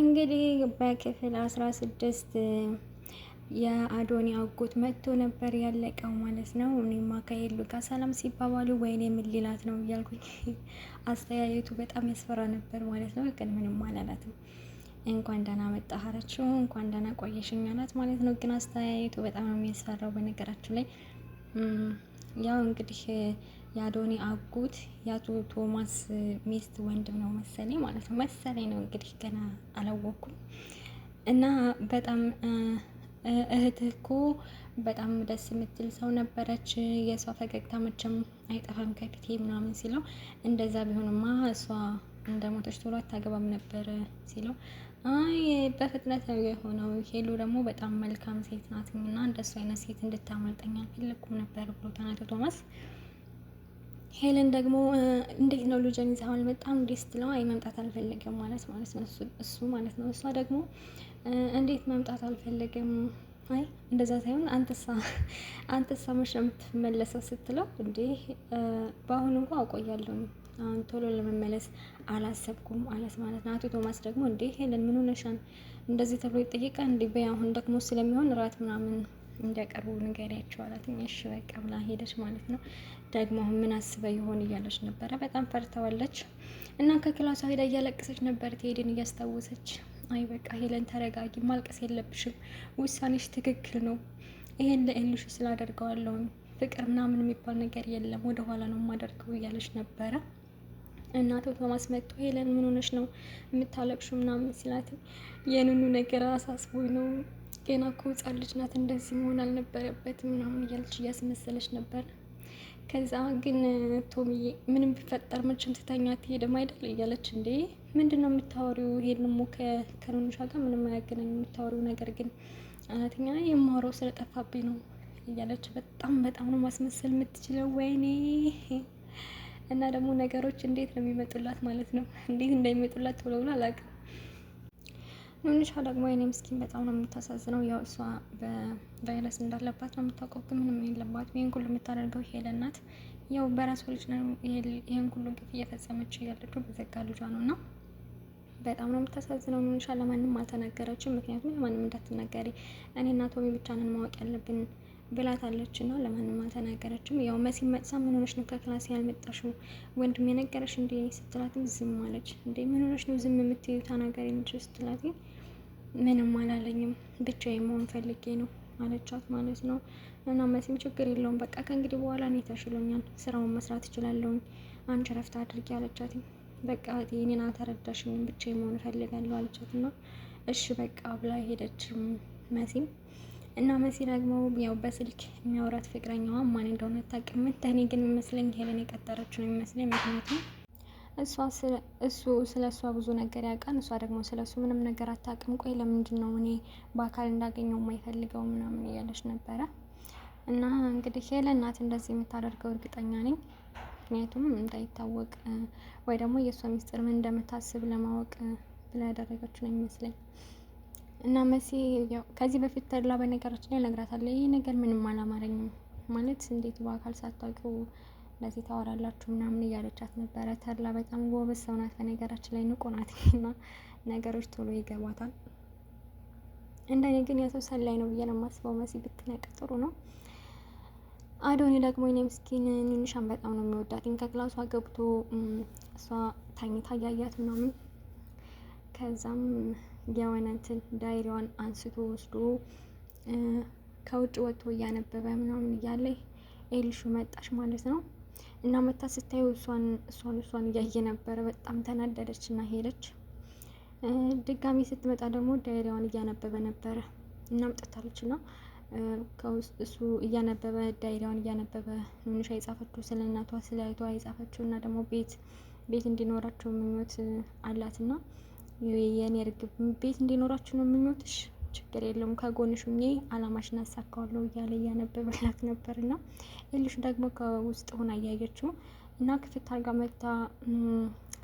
እንግዲህ በክፍል አስራ ስድስት የአዶኒ አጎት መጥቶ ነበር ያለቀው ማለት ነው። እኔማ ከሄሉ ጋር ሰላም ሲባባሉ ወይኔ ምን ሊላት ነው እያልኩኝ አስተያየቱ በጣም ያስፈራ ነበር ማለት ነው። ግን ምንም አላላትም። እንኳን ደህና መጣህ አለችው። እንኳን ደህና ቆየሽኝ አላት ማለት ነው። ግን አስተያየቱ በጣም ነው የሚያስፈራው በነገራችን ላይ ያው እንግዲህ የአዶኒ አጎት የአቶ ቶማስ ሚስት ወንድም ነው መሰለኝ ማለት ነው መሰለኝ ነው እንግዲህ ገና አላወኩም። እና በጣም እህትህ እኮ በጣም ደስ የምትል ሰው ነበረች፣ የእሷ ፈገግታ መቼም አይጠፋም ከፊቴ ምናምን ሲለው እንደዛ ቢሆንማ እሷ እንደሞተች ቶሎ አታገባም ነበረ ሲለው አይ በፍጥነት ነው የሆነው። ሄሉ ደግሞ በጣም መልካም ሴት ናት እና እንደሱ አይነት ሴት እንድታመልጠኝ አልፈለኩም ነበር ብሎ ተናቶ ቶማስ ሄለን ደግሞ እንዴት ነው ልጅን ይዘህ አልመጣም እንዴ ስትለው አይ መምጣት አልፈለገም ማለት ማለት ነው እሱ ማለት ነው። እሷ ደግሞ እንዴት መምጣት አልፈለገም አይ እንደዛ ሳይሆን አንተሳ አንተሳ መሸምት መለሰው ስትለው እንዴ በአሁኑ እንኳ አውቆያለሁ አሁን ቶሎ ለመመለስ አላሰብኩም አላት ማለት ነው። አቶ ቶማስ ደግሞ እንዴ ሄለን ምን ሆነሻን እንደዚህ ተብሎ ይጠይቃል እንዴ? በይ አሁን ደግሞ ስለሚሆን እራት ምናምን እንዲያቀርቡ ንገሪያቸው አላት። እሺ በቃ ብላ ሄደች ማለት ነው። ደግሞ አሁን ምን አስበ ይሆን እያለች ነበረ። በጣም ፈርተዋለች እና ከክላሷ ሄዳ እያለቀሰች ነበር ትሄድን እያስታወሰች። አይ በቃ ሄለን ተረጋጊ፣ ማልቀስ የለብሽም ውሳኔሽ ትክክል ነው። ይሄን ለእልሽ ስላደርገዋለሁ ፍቅር ምናምን የሚባል ነገር የለም፣ ወደኋላ ነው የማደርገው እያለች ነበረ። እና አቶ ቶማስ መጥቶ ሄለን ምን ሆነሽ ነው የምታለቅሹ? ምናምን ሲላት የንኑ ነገር አሳስቦኝ ነው ገና እኮ ሕፃን ልጅ ናት እንደዚህ መሆን አልነበረበት ምናምን እያለች እያስመሰለች ነበር። ከዛ ግን ቶሚዬ ምንም ቢፈጠር መቼም ትተኛ ትሄድም አይደል እያለች እንዴ ምንድን ነው የምታወሪው? ሄልን ሞ ከኑኑሻ ጋር ምንም አያገናኝ የምታወሪው ነገር ግን አናትኛ የማወራው ስለጠፋብኝ ነው እያለች በጣም በጣም ነው ማስመሰል የምትችለው። ወይኔ እና ደግሞ ነገሮች እንዴት ነው የሚመጡላት ማለት ነው። እንዴት እንደሚመጡላት ብሎ ብሎ አላውቅም። ምንሽ ደግሞ የኔ ምስኪን በጣም ነው የምታሳዝነው። ያው እሷ በቫይረስ እንዳለባት ነው የምታውቀው፣ ግን ምንም የለባትም። ይህን ሁሉ የምታደርገው ሄለ ናት። ያው በራሷ ልጅ ነው ይህን ሁሉ ግፍ እየፈጸመች ያለችው በዘጋ ልጇ ነው እና በጣም ነው የምታሳዝነው። ምንሻ ለማንም አልተናገረችም፣ ምክንያቱም ለማንም እንዳትናገሪ እኔና ቶሚ ብቻ ነን ማወቅ ያለብን ብላታለች እና ለማንም አልተናገረችም። ያው መሲ መጥሳ ምን ሆነሽ ነው ከክላስ ያልመጣሽው? ወንድም የነገረሽ እንዴ ስትላትም ዝም አለች። እንዴ ምን ሆነሽ ነው ዝም የምትዩ? ተናገሪ እንጂ ስትላት ምንም አላለኝም ብቻዬን መሆን ፈልጌ ነው አለቻት ማለት ነው። እና መሲም ችግር የለውም በቃ ከእንግዲህ በኋላ እኔ ተሽሎኛል፣ ስራውን መስራት እችላለሁኝ፣ አንቺ ረፍት አድርጊ አለቻት። በቃ እኔን አልተረዳሽኝም ብቻዬን መሆን እፈልጋለሁ አለቻት እና እሺ በቃ ብላ ሄደች መሲም እና መሲ ደግሞ ያው በስልክ የሚያወራት ፍቅረኛዋ ማን እንደሆነ አታውቅም። ምታኔ ግን የሚመስለኝ ሄለን የቀጠረችው ነው የሚመስለኝ። ምክንያቱም እሱ ስለ እሷ ብዙ ነገር ያውቃል፣ እሷ ደግሞ ስለ እሱ ምንም ነገር አታውቅም። ቆይ ለምንድን ነው እኔ በአካል እንዳገኘው የማይፈልገው ምናምን እያለች ነበረ። እና እንግዲህ ሄለን ናት እንደዚህ የምታደርገው እርግጠኛ ነኝ። ምክንያቱም እንዳይታወቅ ወይ ደግሞ የእሷ ሚስጥር ምን እንደምታስብ ለማወቅ ብላ ያደረገችው ነው የሚመስለኝ። እና መሲ ከዚህ በፊት ተድላ በነገራችን ላይ እነግራታለሁ፣ ይህ ነገር ምንም አላማረኝም ማለት እንዴት በአካል ሳታውቂው እንደዚህ ታወራላችሁ ምናምን እያለቻት ነበረ። ተድላ በጣም ጎበዝ ሰው ናት፣ በነገራችን ላይ ንቁ ናት እና ነገሮች ቶሎ ይገባታል። እንደኔ ግን የሰው ሰላይ ነው ብዬ ነው የማስበው። መሲ ብትነቅ ጥሩ ነው። አዶኒ ደግሞ እኔ ምስኪን ኒንሻን በጣም ነው የሚወዳት። ከክላሷ ገብቶ እሷ ታኝታ እያያት ምናምን ከዛም የሆነ እንትን ዳይሪዋን አንስቶ ወስዶ ከውጭ ወጥቶ እያነበበ ምናምን እያለ ኤልሹ መጣች ማለት ነው። እና መታ ስታየው እሷን እሷን እሷን እያየ ነበረ። በጣም ተናደደች እና ሄደች። ድጋሚ ስትመጣ ደግሞ ዳይሪዋን እያነበበ ነበረ እና አምጥታለች ነው ከውስጥ እሱ እያነበበ ዳይሪዋን እያነበበ ምንሻ የጻፈችው ስለ እናቷ ስለ አይቷ የጻፈችው እና ደግሞ ቤት ቤት እንዲኖራቸው ምኞት አላት እና የኔ እርግብ ቤት እንዲኖራችሁ ነው የምኞትሽ፣ ችግር የለውም ከጎንሽ ሁኜ አላማሽን አሳካዋለሁ እያለ እያነበበላት ነበር እና ሌሎች ደግሞ ከውስጥ ሆና እያየችው እና ክፍት አርጋ መታ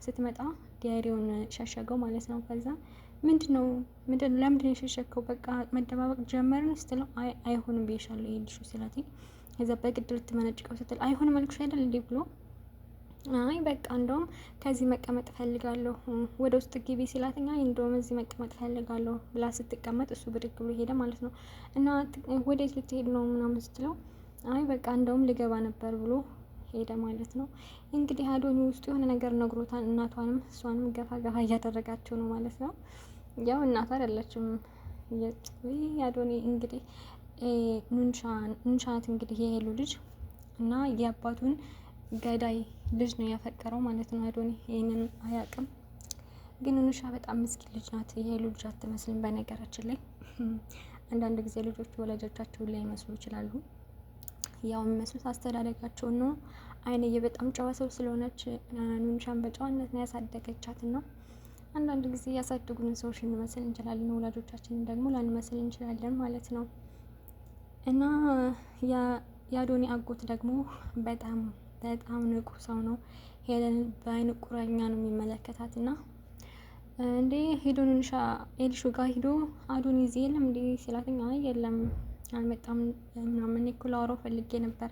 ስትመጣ ዲያሪውን ሸሸገው ማለት ነው። ከዛ ምንድን ነው ምንድን ለምንድን የሸሸገው በቃ መደባበቅ ጀመርን ስትለው አይሆንም ብዬሻለሁ ይልሹ ስላት ከዛ በግድ ልትመነጭቀው ስትል አይሆንም አልኩሽ አይደል እንዴ ብሎ አይ በቃ እንደውም ከዚህ መቀመጥ ፈልጋለሁ ወደ ውስጥ ግቢ ሲላትኛ እንደውም እዚህ መቀመጥ ፈልጋለሁ ብላ ስትቀመጥ እሱ ብድግ ብሎ ሄደ ማለት ነው። እና ወዴት ልትሄድ ነው ምናምን ስትለው አይ በቃ እንደውም ልገባ ነበር ብሎ ሄደ ማለት ነው። እንግዲህ አዶኒ ውስጡ የሆነ ነገር ነግሮታል። እናቷንም እሷንም ገፋ ገፋ እያደረጋቸው ነው ማለት ነው። ያው እናቷ አይደለችም አዶኒ እንግዲህ ኑንሻ ናት እንግዲህ የሄሉ ልጅ እና የአባቱን ገዳይ ልጅ ነው ያፈቀረው ማለት ነው። አዶኒ ይህንን አያውቅም። ግን ኑሻ በጣም ምስኪን ልጅ ናት። የሄሉ ልጅ አትመስልም። በነገራችን ላይ አንዳንድ ጊዜ ልጆች ወላጆቻቸውን ላይ ይመስሉ ይችላሉ። ያው የሚመስሉት አስተዳደጋቸውን ነው። አይንዬ በጣም ጨዋ ሰው ስለሆነች ኑንሻን በጨዋነት ነው ያሳደገቻት ነው አንዳንድ ጊዜ ያሳደጉንን ሰዎች ልንመስል እንችላለን፣ ወላጆቻችንን ደግሞ ላንመስል እንችላለን ማለት ነው። እና የአዶኒ አጎት ደግሞ በጣም በጣም ንቁ ሰው ነው። ሄለን በአይን ቁረኛ ነው የሚመለከታት እና እንዴ ሄዶን ንሻ ኤልሹ ጋር ሂዶ ይዜ የለም እንዲ ሲላትኝ አይ የለም አልመጣም ምናምን እኮ ላወራው ፈልጌ ነበር።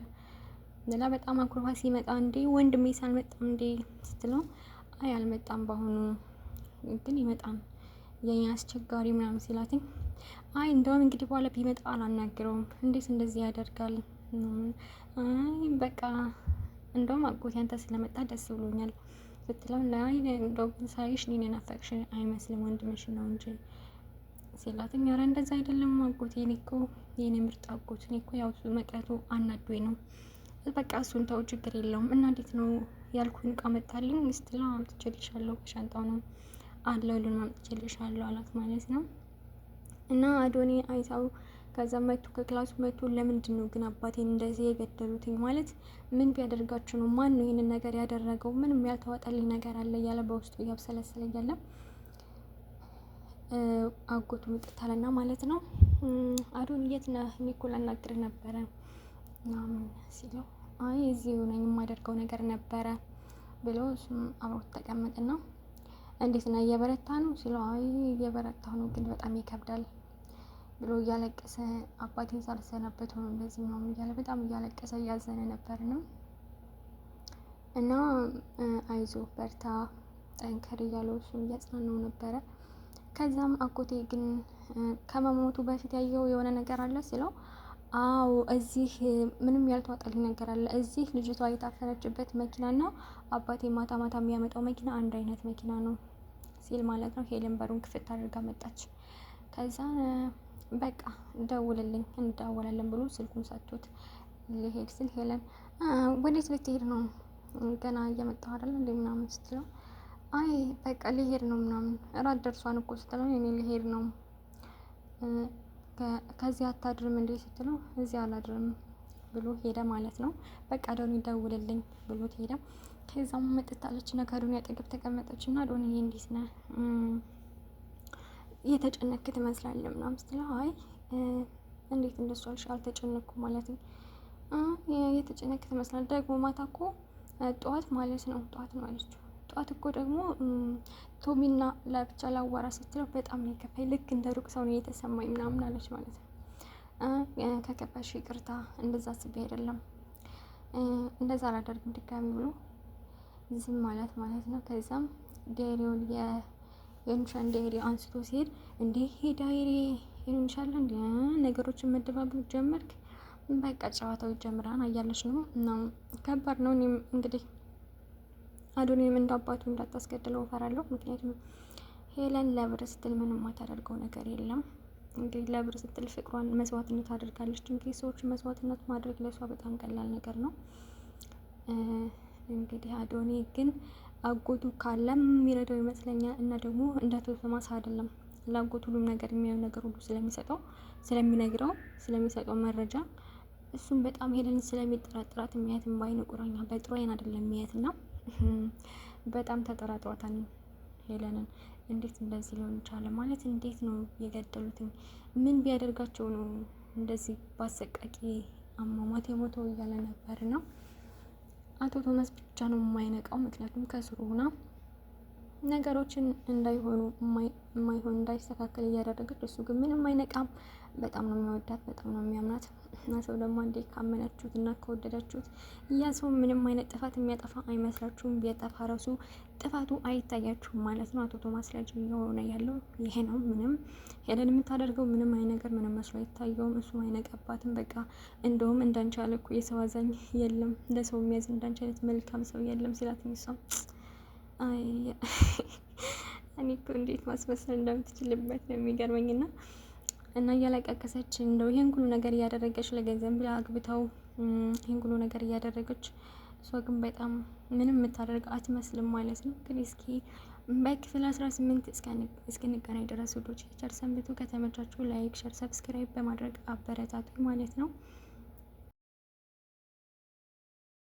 ሌላ በጣም አኩርፋ ሲመጣ እንዴ ወንድሜ ሳልመጣም እንዴ ስትለው አይ አልመጣም በአሁኑ ግን ይመጣም የኛ አስቸጋሪ ምናምን ሲላትኝ አይ እንደውም እንግዲህ በኋላ ቢመጣ አላናግረውም። እንዴት እንደዚህ ያደርጋል? በቃ እንደውም አጎቴ አንተ ስለመጣ ደስ ብሎኛል ስትለው ላይ እንደውም ሳይሽ እኔን የናፈቅሽኝ አይመስልም ወንድምሽን ነው እንጂ ሲላትም ኧረ እንደዛ አይደለም አጎቴ እኔ እኮ የኔ ምርጥ አጎት እኔ እኮ ያው መቅረቱ አናዶኝ ነው በቃ እሱን ተው ችግር የለውም እና እንዴት ነው ያልኩኝ እቃ መጣልኝ ስትለው አምጥቼልሻለሁ በሻንጣው ነው አለ አለውልን አምጥቼልሻለሁ አላት ማለት ነው እና አዶኔ አይታው ከዛ መቶ ከክላሱ መቶ ለምንድን ነው ግን አባቴን እንደዚህ የገደሉትኝ? ማለት ምን ቢያደርጋችሁ ነው? ማን ነው ይህንን ነገር ያደረገው? ምንም ያልተዋጠልኝ ነገር አለ እያለ በውስጡ እያብሰለሰለ እያለ አጎቱ ምጥታለና ማለት ነው። አዶን የት ነህ? ኒኮል አናግር ነበረ ምናምን ሲለው አይ እዚህ ነኝ የማደርገው ነገር ነበረ ብሎ እሱም አብሮት እንዴት ነህ እየበረታ ነው ሲለው አይ እየበረታ ነው ግን በጣም ይከብዳል ብሎ እያለቀሰ አባቴን ሳልሰናበት ሆኖ እንደዚህ ምናምን እያለ በጣም እያለቀሰ እያዘነ ነበር ነው እና አይዞ በርታ ጠንከር እያለው እሱም እያጽናነው ነበረ። ከዛም አጎቴ ግን ከመሞቱ በፊት ያየው የሆነ ነገር አለ ሲለው አዎ እዚህ ምንም ያልተዋጠልኝ ነገር አለ። እዚህ ልጅቷ የታፈነችበት መኪናና አባቴ ማታ ማታ የሚያመጣው መኪና አንድ አይነት መኪና ነው ሲል ማለት ነው። ሄለን በሩን ክፍት አድርጋ መጣች። ከዛ በቃ ደውልልኝ እንዳወላለን ብሎ ስልኩን ሰጥቶት ሊሄድ ስል ሄለን ወዴት ልትሄድ ነው? ገና እየመጣሁ አይደለ እንደ ምናምን ስትለው አይ በቃ ሊሄድ ነው ምናምን እራት ደርሷን እኮ ስትለው እኔ ሊሄድ ነው ከዚህ አታድርም እንዴ ስትለው እዚህ አላድርም ብሎ ሄደ ማለት ነው። በቃ ዶኒ ደውልልኝ ብሎት ሄደ። ከዛም መጥታለች ነገሩን ከዶኒ አጠገብ ተቀመጠች እና ዶኒ እንዴት ነህ እየተጨነክ ትመስላለ ምናምን ስትለው አይ እንዴት እንደሱ አልሽ አልተጨነኩ ማለት ነው። የተጨነክ ትመስላል ደግሞ ማታ እኮ ጠዋት ማለት ነው ጠዋት ነው አለችው። ጠዋት እኮ ደግሞ ቶሚና ለብቻ ላዋራ ስትለው በጣም ነው የከፋኝ፣ ልክ እንደ ሩቅ ሰው ነው የተሰማኝ ምናምን አለች ማለት ነው። ከከፋሽ ይቅርታ፣ እንደዛ አስቤ አይደለም፣ እንደዛ አላደርግም ድጋሚ ብሎ ዝም ማለት ማለት ነው። ከዛም የ የኑሻ ዳይሪ አንስቶ ሲሄድ እንዴ ይሄ ዳይሪ ይኑሻል እንዲ ነገሮችን መደባበቅ ጀመርክ። በቃ ጨዋታው ይጀምራል እያለች ነው እና ከባድ ነው። እኔም እንግዲህ አዶኔም እንደ አባቱ እንዳታስገድለው እፈራለሁ። ምክንያቱም ሄለን ለብር ስትል ምንም ማታደርገው ነገር የለም። እንግዲህ ለብር ስትል ፍቅሯን መስዋዕትነት ታደርጋለች። እንግዲህ ሰዎች መስዋዕትነት ማድረግ ለሷ በጣም ቀላል ነገር ነው። እንግዲህ አዶኒ ግን አጎቱ ካለም የሚረዳው ይመስለኛል። እና ደግሞ እንዳቶ ቶማስ አይደለም ለአጎቱ ሁሉም ነገር የሚያየው ነገር ሁሉ ስለሚሰጠው ስለሚነግረው ስለሚሰጠው መረጃ እሱም በጣም ሄደን ስለሚጠራጥራት የሚያየት ባይን ቁረኛ በጥሩ አይን አይደለም የሚያየት እና በጣም ተጠራጥሯታል ሄለንን እንዴት እንደዚህ ሊሆን ይቻለ ማለት እንዴት ነው የገደሉትኝ ምን ቢያደርጋቸው ነው እንደዚህ በአሰቃቂ አሟሟት የሞተው እያለ ነበር ነው አቶ ቶማስ ብቻ ነው የማይነቃው። ምክንያቱም ከስሩ ሆና ነገሮችን እንዳይሆኑ የማይሆን እንዳይስተካከል እያደረገች እሱ ግን ምንም አይነቃም። በጣም ነው የሚወዳት፣ በጣም ነው የሚያምናት። እና ሰው ደግሞ አንዴ ካመናችሁት እና ከወደዳችሁት ያ ሰው ምንም አይነት ጥፋት የሚያጠፋ አይመስላችሁም። ቢያጠፋ ራሱ ጥፋቱ አይታያችሁም ማለት ነው። አቶ ቶማስ ላጅ የሆነ ያለው ይሄ ነው። ምንም ሄለን የምታደርገው ምንም ነገር ምንም መስሎ አይታየውም። እሱም አይነቀባትም። በቃ እንደውም እንዳንቻለ እኮ የሰው አዛኝ የለም፣ ለሰው የሚያዝ እንዳንቺ አይነት መልካም ሰው የለም ሲላት የሚሰም እኔ እኮ እንዴት ማስመሰል እንደምትችልበት ነው የሚገርመኝ እና እያለቀቀሰች እንደው ይህን ሁሉ ነገር እያደረገች ለገንዘብ ብላ አግብተው ይህን ሁሉ ነገር እያደረገች እሷ ግን በጣም ምንም የምታደርግ አትመስልም ማለት ነው። ግን እስኪ በክፍል 18 እስክንገናኝ ድረስ ውዶች ቸር ሰንብቱ። ከተመቻችሁ ላይክ፣ ሸር፣ ሰብስክራይብ በማድረግ አበረታቱ ማለት ነው።